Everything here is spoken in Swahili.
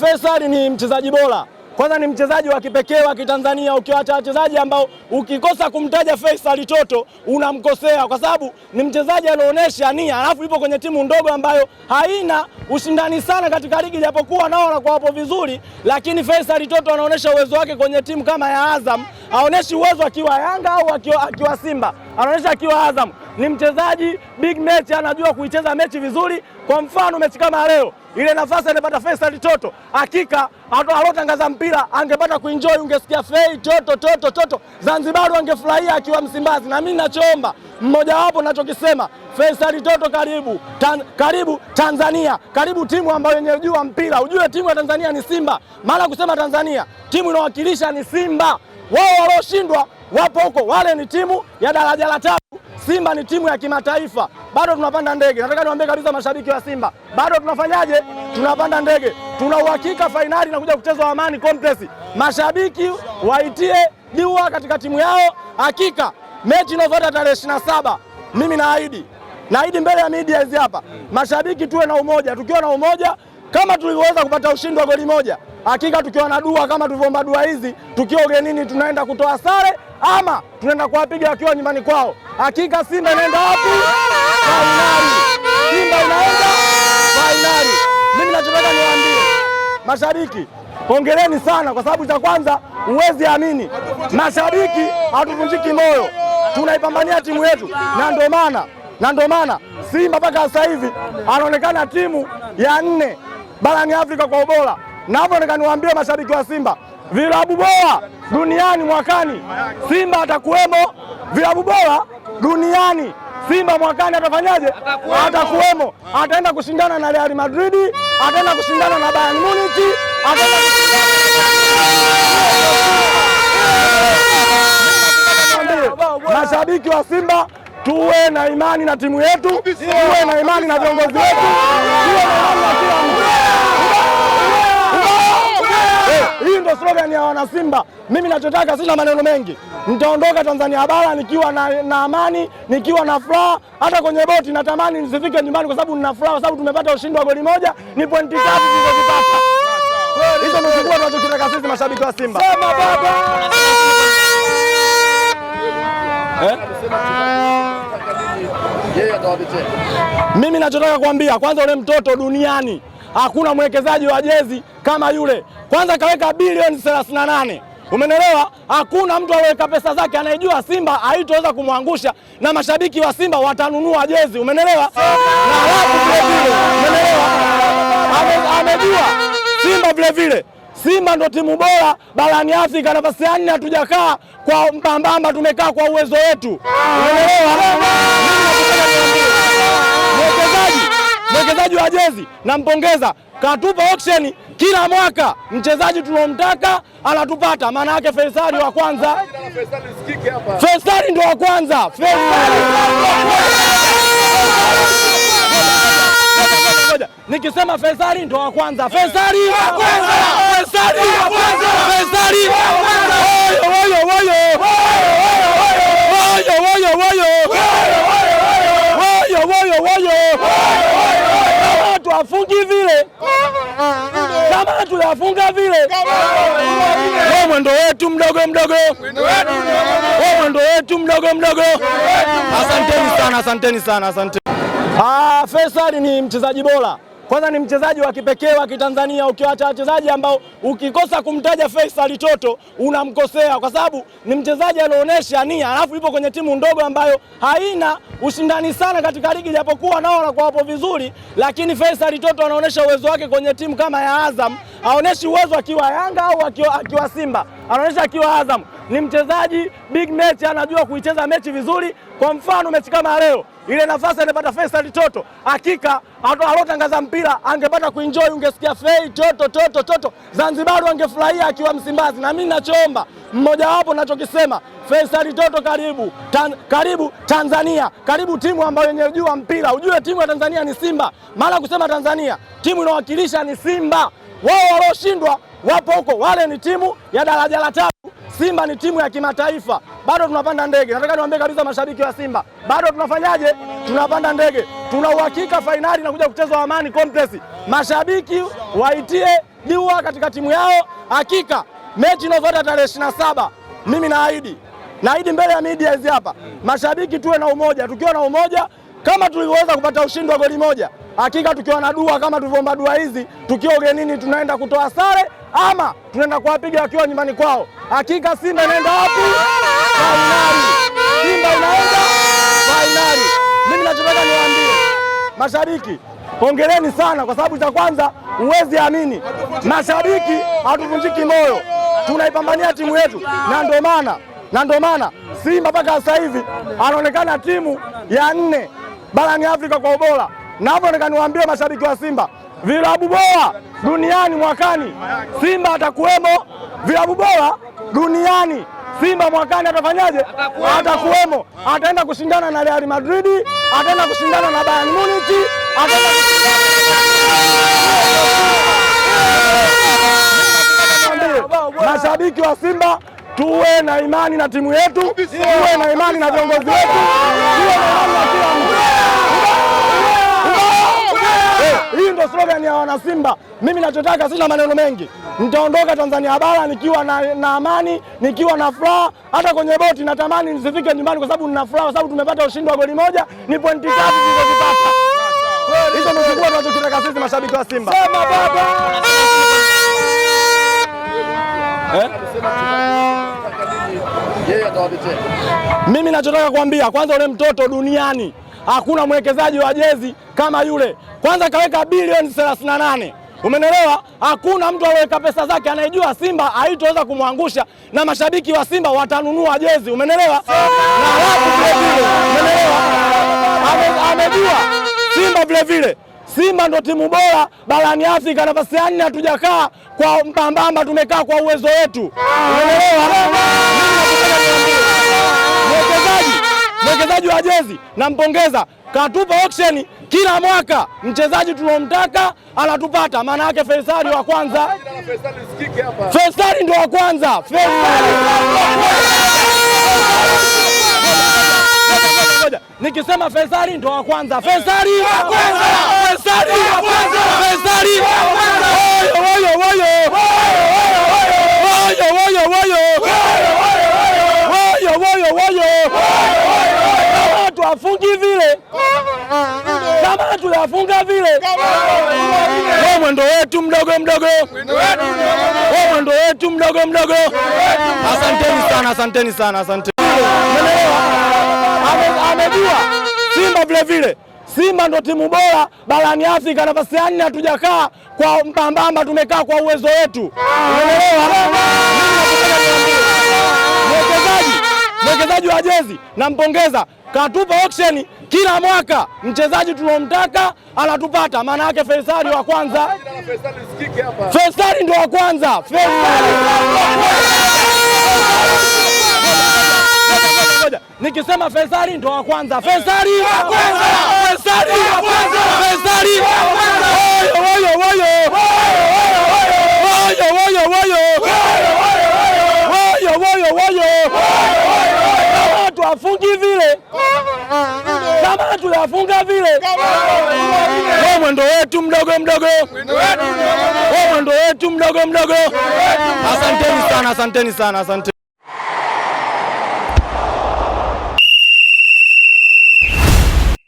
Faisal ni mchezaji bora, kwanza ni mchezaji wa kipekee wa Kitanzania. Ukiwacha wachezaji ambao ukikosa kumtaja Faisal Toto unamkosea, kwa sababu ni mchezaji anaonesha nia, alafu ipo kwenye timu ndogo ambayo haina ushindani sana katika ligi, japokuwa nao wanakuwa hapo vizuri, lakini Faisal Toto anaonesha uwezo wake kwenye timu kama ya Azam haonyeshi uwezo akiwa Yanga au akiwa, akiwa Simba, anaonyesha akiwa Azam. Ni mchezaji big match, anajua kuicheza mechi vizuri. Kwa mfano mechi kama leo ile nafasi alipata Faisal Toto, hakika alotangaza mpira angepata kuenjoy, ungesikia fei toto toto toto, Zanzibar wangefurahia akiwa Msimbazi. Na mimi nachoomba mmoja wapo, ninachokisema Faisal Toto, karibu Tan, karibu Tanzania, karibu timu ambayo yenye jua mpira. Ujue timu ya Tanzania ni Simba, maana kusema Tanzania timu inawakilisha ni Simba. Wao walioshindwa wapo huko, wale ni timu ya daraja la tatu. Simba ni timu ya kimataifa, bado tunapanda ndege. Nataka niwaambie kabisa mashabiki wa Simba, bado tunafanyaje? Tunapanda ndege. Tuna uhakika fainali inakuja kuchezwa Amani Complex. Mashabiki waitie jua katika timu yao. Hakika mechi inayofuata tarehe ishirini na saba mimi naahidi, naahidi mbele ya media hizi hapa, mashabiki tuwe na umoja. Tukiwa na umoja kama tulivyoweza kupata ushindi wa goli moja, hakika tukiwa na dua kama tulivyoomba dua hizi, tukiwa ugenini tunaenda kutoa sare ama tunaenda kuwapiga wakiwa nyumbani kwao. Hakika Simba inaenda wapi? Fainali. Simba inaenda fainali. Mimi nachotaka niwaambie mashabiki, hongereni sana, kwa sababu cha kwanza, huwezi amini, mashabiki hatuvunjiki moyo, tunaipambania timu yetu, na ndio maana na ndio maana Simba mpaka sasa hivi anaonekana timu ya nne barani Afrika kwa ubora. Na hapo niwaambie mashabiki wa Simba, vilabu bora duniani mwakani Simba atakuwemo. Vilabu bora duniani Simba mwakani atafanyaje? Atakuwemo, ataenda kushindana na Real Madrid, ataenda kushindana na Bayern Munich, ataenda mashabiki wa Simba tuwe na imani na timu yetu, tuwe na imani na viongozi wetu, tuwe na imani na kila Hii ndio slogan ya Wanasimba. Mimi nachotaka, sina maneno mengi, nitaondoka Tanzania bara nikiwa na, na amani nikiwa na furaha. Hata kwenye boti natamani nisifike nyumbani, kwa sababu nina furaha, kwa sababu tumepata ushindi wa goli moja, ni pointi tatu tulizozipata. Hizo ndio kikubwa tunachotaka sisi mashabiki wa Simba. Sema baba eh? Mimi nachotaka kuambia kwanza, ule mtoto duniani hakuna mwekezaji wa jezi kama yule. Kwanza kaweka bilioni 38, umenelewa? Hakuna mtu aliyeweka pesa zake anayejua Simba haitoweza kumwangusha na mashabiki wa Simba watanunua jezi, umenelewa? Na watu umenelewa? Amejua Simba vilevile Simba ndo timu bora barani Afrika, nafasi ya nne. Hatujakaa kwa mpambamba, tumekaa kwa uwezo wetu, umeelewa? mwekezaji wa jezi nampongeza, katupa auction kila mwaka, mchezaji tunaomtaka anatupata. Maana yake Feisali wa kwanza, Feisali ndo wa kwanza. Nikisema Feisali ndo wa kwanza, Feisali wa kwanza, Feisali wa kwanza, kwanza. tunafunga vile, we mwendo wetu mdogo mdogo, we mwendo wetu mdogo mdogo. Asanteni sana, asanteni sana, asanteni. Ah, Faisal ni mchezaji bora kwanza ni mchezaji wa kipekee wa Kitanzania, ukiwacha wachezaji ambao ukikosa kumtaja Faisal Toto unamkosea, kwa sababu ni mchezaji alionyesha nia, alafu yupo kwenye timu ndogo ambayo haina ushindani sana katika ligi, japokuwa nao wanakuwa wapo vizuri, lakini Faisal Toto anaonyesha uwezo wake kwenye timu kama ya Azam, aoneshi uwezo akiwa Yanga au akiwa, akiwa Simba anaonyesha akiwa Azam ni mchezaji big match, anajua kuicheza mechi vizuri. Kwa mfano mechi kama leo ile nafasi anapata Faisal Toto, hakika alotangaza mpira angepata kuenjoy, ungesikia fei toto toto toto, Zanzibar angefurahia akiwa Msimbazi. Na mimi mmoja mmojawapo nachokisema Faisal Toto, karibu Tan, karibu Tanzania, karibu timu ambayo yenye jua mpira. Ujue timu ya Tanzania ni Simba, maana kusema Tanzania timu inawakilisha ni Simba. Wao walioshindwa wapo huko, wale ni timu ya daraja la tatu. Simba ni timu ya kimataifa, bado tunapanda ndege. Nataka niwaambie kabisa mashabiki wa Simba, bado tunafanyaje? Tunapanda ndege. Tuna uhakika fainali inakuja kuchezwa Amani Complex. Mashabiki waitie jua katika timu yao. Hakika mechi inayofuata tarehe ishirini na saba mimi naahidi, naahidi mbele ya media hizi hapa, mashabiki tuwe na umoja. Tukiwa na umoja kama tulivyoweza kupata ushindi wa goli moja, hakika tukiwa na dua kama tulivyoomba dua hizi, tukiwa ugenini tunaenda kutoa sare ama tunaenda kuwapiga wakiwa nyumbani kwao. Hakika Simba inaenda wapi? Fainali. Simba inaenda fainali. Mimi nachotaka niwaambie mashabiki, pongeleni sana, kwa sababu cha kwanza, huwezi amini, mashabiki hatuvunjiki moyo, tunaipambania timu yetu, na ndio maana na ndio maana Simba mpaka sasa hivi anaonekana timu ya nne barani Afrika kwa ubora. Na hapo mashabiki wa Simba, vilabu bora duniani mwakani Simba atakuwemo. Vilabu bora duniani Simba mwakani atafanyaje? Atakuwemo, ataenda kushindana na Real Madrid, ataenda kushindana na Bayern Munich, ataenda mashabiki wa Simba tuwe na imani na timu yetu, tuwe na imani na viongozi wetu, tuwe na imani Eh, hii ndo slogan ya Wanasimba. Mimi nachotaka, sina maneno mengi, nitaondoka Tanzania bara nikiwa na, na amani nikiwa na furaha. Hata kwenye boti natamani nisifike nyumbani, kwa sababu nina furaha, kwa sababu tumepata ushindi wa goli moja, ni pointi tatu tulizozipata. Hizo ndo kikubwa tunachotaka sisi mashabiki wa Simba. Sema baba eh? Mimi nachotaka kuambia kwanza, ule mtoto duniani hakuna mwekezaji wa jezi kama yule. Kwanza kaweka bilioni 38. Umenelewa? Hakuna mtu aliyeweka pesa zake anayejua Simba haitoweza kumwangusha na mashabiki wa Simba watanunua jezi. Umenelewa? Na watu vile vile. Umenelewa? Amejua Simba vile vile. Simba ndo timu bora barani Afrika, nafasi ya nne. Hatujakaa kwa mbambamba, tumekaa kwa uwezo wetu. Umenelewa? mwekezaji wa jezi nampongeza, katupa auction kila mwaka, mchezaji tunaomtaka anatupata. Maana yake Feisali wa kwanza, Feisali ndo wa kwanza. Nikisema Feisali ndo wa kwanza, Feisali wa kwanza, Feisali wa kwanza, wewe mwendo wetu mdogo mdogo, wewe mwendo wetu mdogo mdogo. Asanteni sana, asanteni sana, asanteni. Amejua Simba vile vile Simba ndo timu bora barani Afrika, nafasi ya nne. Hatujakaa kwa mpambamba, tumekaa kwa uwezo wetu. Mwekezaji wa jezi nampongeza, katupa auction kila mwaka mchezaji tunomtaka anatupata, maana yake Feisali wa kwanza, Feisali ndo wa kwanza. Nikisema Feisali ndio wa kwanza, Feisali wa kwanza, Feisali wa kwanza, Feisali wa kwanza, vile tuliwafunga vile. Wewe mwendo wetu mdogo mdogo, wewe mwendo wetu mdogo mdogo. Asanteni sana, asanteni sana, asanteni.